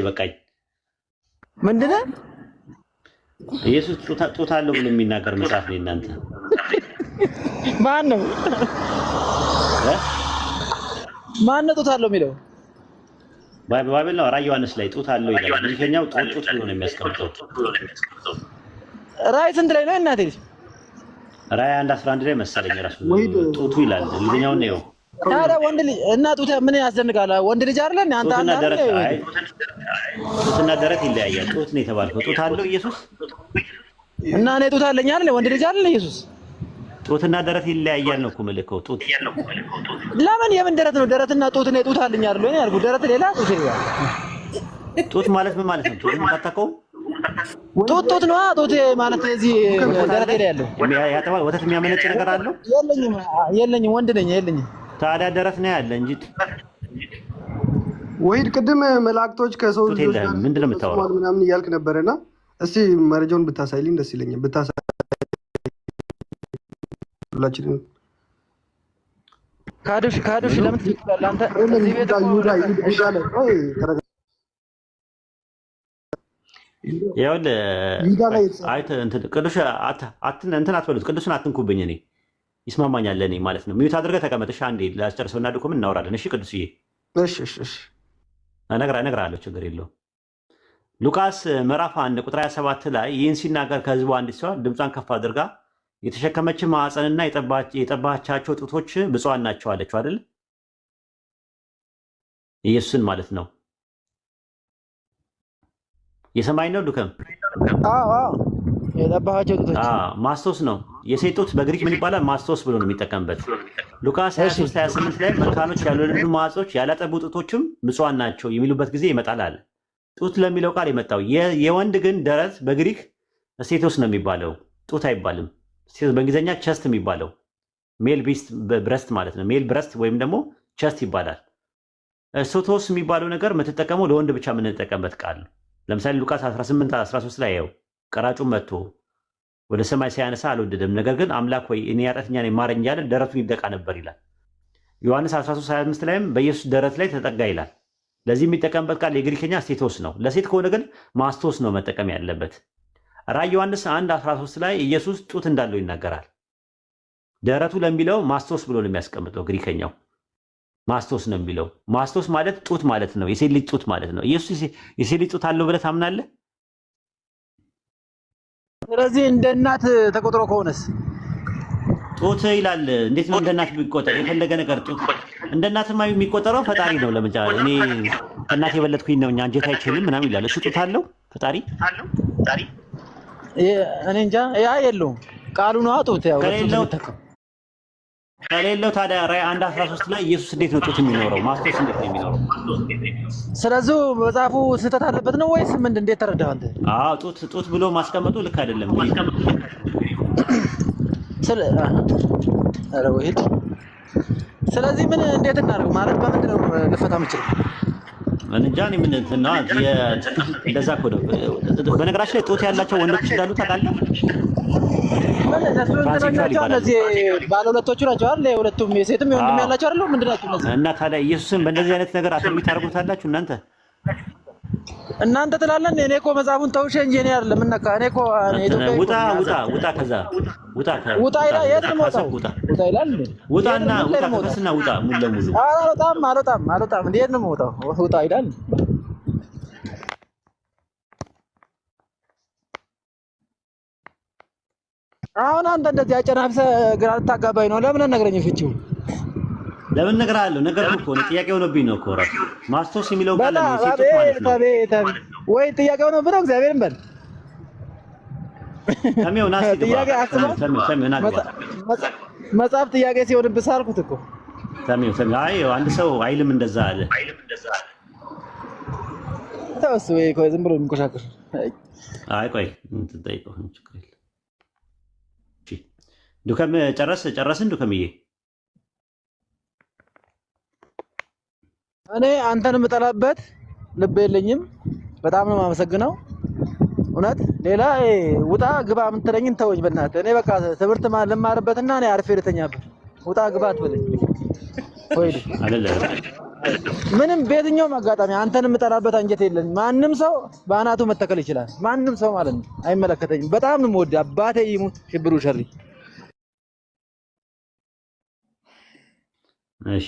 ይበቃኝ። ምንድን ነው ኢየሱስ ጡት አለው ብሎ የሚናገር መጽሐፍ ነው እናንተ? ማን ነው ማን ነው ጡት አለው የሚለው? ባይብል ነው። ራዕይ ዮሐንስ ላይ ጡት አለው ይላል። ግሪከኛው ጡት ብሎ ነው የሚያስቀምጠው። ራዕይ ስንት ላይ ነው እናቴ? ራዕይ አንድ አስራ አንድ ላይ መሰለኝ ራሱ ጡቱ ይላል። እንግኛውን ነው ታዲያ ወንድ ልጅ እና ጡት ምን ያስደንቃል? ወንድ ልጅ አለ አንተ ጡትና ደረት ይለያያል። ጡት ነው የተባልከው። ጡት አለው ኢየሱስ እና እኔ ጡት አለኝ አለ ወንድ ልጅ አለ ኢየሱስ ጡትና ደረት ይለያያል ነው እኮ የምልከው። ጡት ለምን የምን ደረት ነው? ደረትና ጡት እኔ ጡት አለኝ አለ እኔ ያልኩህ ደረት ሌላ ጡት ሌላ። ጡት ማለት ምን ማለት ነው? ጡት ታታቀው ጡት ጡት ነዋ። ጡት ማለት እዚህ ደረት ላይ ያለው ወተት የሚያመነጭ ነገር አለው? የለኝም፣ የለኝም። ወንድ ነኝ፣ የለኝም ታዲያ ደረት ነው ያለ እንጂ ወሂድ፣ ቅድም መላእክቶች ከሰው ልጆች ምናምን እያልክ ነበረና እስቲ መረጃውን ብታሳይልኝ ደስ ይለኛል። ብታሳይ ሁላችንም ካዶሽ ካዶሽ ለምን ትችላለህ አንተ? ይኸውልህ ቅዱስ እንትን አትበሉት፣ ቅዱስን አትንኩብኝ እኔ ይስማማኛል ለእኔ ማለት ነው። ሚዩት አድርገህ ተቀመጥሽ እሺ አንዴ እና ድኩም እናወራለን። እሺ ቅዱስዬ፣ እነግርሃለሁ፣ ችግር የለው ሉቃስ ምዕራፍ አንድ ቁጥር 27 ላይ ይህን ሲናገር ከህዝቡ አንድ ሲሆን ድምጿን ከፍ አድርጋ የተሸከመች ማዕፀንና የጠባቻቸው ጡቶች ብፁዓን ናቸው አለችው። አይደል? ኢየሱስን ማለት ነው። የሰማይ ነው ዱከም ማስታወስ ነው የሴት ጡት በግሪክ ምን ይባላል? ማስቶስ ብሎ ነው የሚጠቀምበት። ሉቃስ 23 28 ላይ መካኖች ያልወለዱ ማዕጾች ያላጠቡ ጡቶችም ምጽዋን ናቸው የሚሉበት ጊዜ ይመጣል አለ። ጡት ለሚለው ቃል የመጣው የወንድ ግን ደረት በግሪክ ሴቶስ ነው የሚባለው፣ ጡት አይባልም። ስቴቶስ በእንግሊዝኛ ቸስት የሚባለው ሜል ብረስት ማለት ነው። ሜል ብረስት ወይም ደግሞ ቸስት ይባላል። ሶቶስ የሚባለው ነገር የምትጠቀመው ለወንድ ብቻ የምንጠቀምበት ቃል ለምሳሌ ሉቃስ 18 13 ላይ ው ቀራጩ መጥቶ ወደ ሰማይ ሲያነሳ አልወደደም። ነገር ግን አምላክ ወይ እኔ ኃጢአተኛ ነኝ ማረኝ እያለ ደረቱን ይደቃ ነበር ይላል። ዮሐንስ 13፥25 ላይም በኢየሱስ ደረት ላይ ተጠጋ ይላል። ለዚህ የሚጠቀምበት ቃል የግሪክኛ ስቴቶስ ነው። ለሴት ከሆነ ግን ማስቶስ ነው መጠቀም ያለበት። ራዕይ ዮሐንስ 1:13 ላይ ኢየሱስ ጡት እንዳለው ይናገራል። ደረቱ ለሚለው ማስቶስ ብሎ ነው የሚያስቀምጠው። ግሪከኛው ማስቶስ ነው የሚለው። ማስቶስ ማለት ጡት ማለት ነው። የሴት ልጅ ጡት ማለት ነው። ኢየሱስ የሴት ልጅ ጡት አለው ብለህ ታምናለህ? ስለዚህ እንደ እናት ተቆጥሮ ከሆነስ ጡት ይላል። እንዴት ነው እንደ እናት የሚቆጠር? የፈለገ ነገር ጡት እንደ እናት የሚቆጠረው ፈጣሪ ነው። ለምጫ እኔ እናት የበለጥኩኝ ነው እኛ እንጀት አይችልም ምናምን ይላል። እሱ ጡት አለው ፈጣሪ እኔ እንጃ ያ የለውም ቃሉ ነው ጡት ያው ከሌለው ታዲያ ራይ አንድ አስራ ሶስት ላይ ኢየሱስ እንዴት ነው ጡት የሚኖረው? ማስቶስ እንዴት ነው የሚኖረው? ስለዚህ መጽሐፉ ስህተት አለበት ነው ወይስ ምንድን? እንዴት ተረዳህ አንተ? አዎ ጡት ጡት ብሎ ማስቀመጡ ልክ አይደለም። ስለዚህ ምን እንዴት እናደርገው ማለት በምንድን ነው ልፈታ የምችለው? እንጃ እኔ ምን እንደዛ እኮ ነው። በነገራችን ላይ ጡት ያላቸው ወንዶች እንዳሉ ታውቃለህ እና ታዲያ ኢየሱስን በእንደዚህ አይነት ነገር አትርጉት ታደርጉታላችሁ እናንተ እናንተ ትላለን። እኔ እኮ መጽሐፉን ተውሽ እንጂ እኔ አይደለም እና እኔ እኮ ውጣ ውጣ ውጣ ከዛ ውጣ ውጣ ይላል። የት ነው የምወጣው? ውጣ ይላል። ውጣና ውጣ ከስና ውጣ ሙሉ ለሙሉ አልወጣም አልወጣም አልወጣም። እንዴት ነው የምወጣው? ውጣ ይላል። አሁን አንተ እንደዚህ አጨናብሰህ ግራ ልታጋባኝ ነው። ለምን ነገረኝ? ፍቺው ለምን ነገር አለው ነገር እኮ ነው። ጥያቄ ሆነብኝ ነው እኮ ራሱ ማስቶስ የሚለው ቃል ነው ሲጥቆ ማለት ነው ወይ ጥያቄ ሆነብህ ነው። እግዚአብሔርን በል ሰሚው ናስ ጥያቄ አስማ ሰሚው ናስ መጽሐፍ ጥያቄ ሲሆንብህ ሳልኩት እኮ ሰሚው ሰሚው አይ አንድ ሰው አይልም እንደዛ አለ አይልም እንደዛ አለ ተወስ ወይ ቆይ ዝም ብሎ የሚቆሻቅር አይ ቆይ እንትን ጠይቀው ችግር የለም ዱከም ጨረስ ጨረስን ዱከምዬ እኔ አንተን የምጠላበት ልብ የለኝም። በጣም ነው የማመሰግነው። እውነት ሌላ ውጣ ግባ የምትለኝን ተወኝ በእናትህ። እኔ በቃ ትምህርት ልማርበትና እኔ አርፌ ልተኛበት። ውጣ ግባ አትበለኝ። ወይድ ምንም በየትኛውም አጋጣሚ አንተን የምጠላበት አንጀት የለኝ። ማንም ሰው በአናቱ መተከል ይችላል። ማንም ሰው ማለት ነው። አይመለከተኝም። በጣም ነው የምወድህ። አባቴ ይሙት ሽብሩ ሸሪ እሺ